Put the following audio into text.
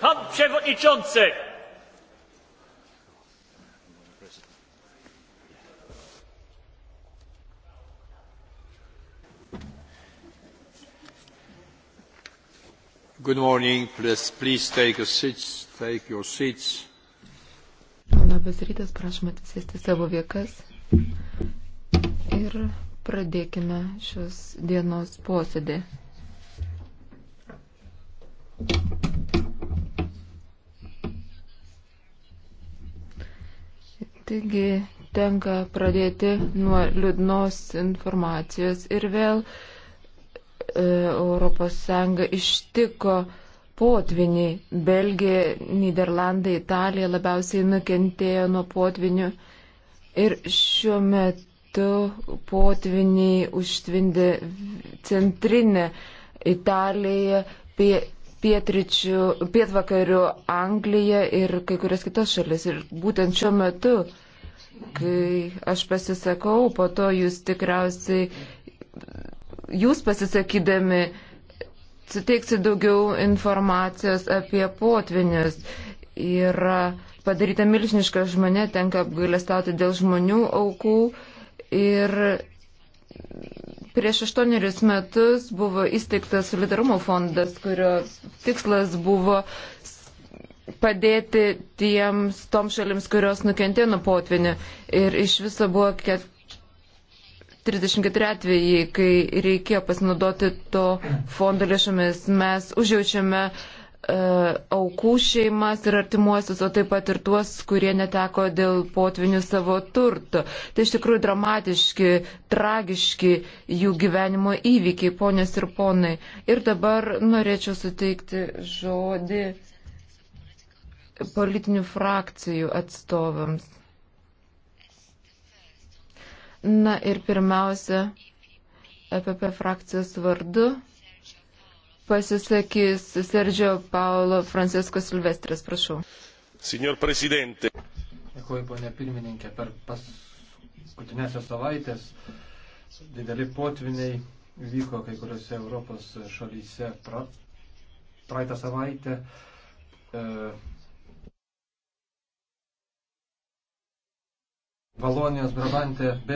Pan Przewodniczący! Good morning. Please, please take, a seat, take your seats. Labas rytas, prašom atsisėsti savo vietas ir pradėkime šios dienos posėdį. Taigi tenka pradėti nuo liūdnos informacijos ir vėl ES ištiko potvinį. Belgija, Niderlandai, Italija labiausiai nukentėjo nuo potvinių ir šiuo metu potviniai užtvindė centrinę Italiją, pie pietričių, pietvakarių Angliją ir kai kurias kitas šalis. Ir būtent šiuo metu, kai aš pasisakau, po to jūs tikriausiai, jūs pasisakydami, suteiksi daugiau informacijos apie potvinius. Yra padaryta milžiniška žmonė, tenka apgailestauti dėl žmonių aukų ir Prieš aštuonerius metus buvo įsteigtas solidarumo fondas, kurio tikslas buvo padėti tiems tom šalims, kurios nukentėjo nuo potvinio. Ir iš viso buvo 34 atvejai, kai reikėjo pasinaudoti to fondo lėšomis. Mes užjaučiame uh, E, aukų šeimas ir artimuosius, o taip pat ir tuos, kurie neteko dėl potvinių savo turtų. Tai iš tikrųjų dramatiški, tragiški jų gyvenimo įvykiai, ponės ir ponai. Ir dabar norėčiau suteikti žodį politinių frakcijų atstovams. Na ir pirmiausia, EPP frakcijos vardu pasisakys Sergio Paulo Francesco Silvestris, prašau. Signor Presidente. Dėkui, ponė pirmininkė, per paskutinėsios savaitės dideli potviniai vyko kai kuriuose Europos šalyse. Pra, praeitą savaitę e, Valonijos Brabantė, Belgija.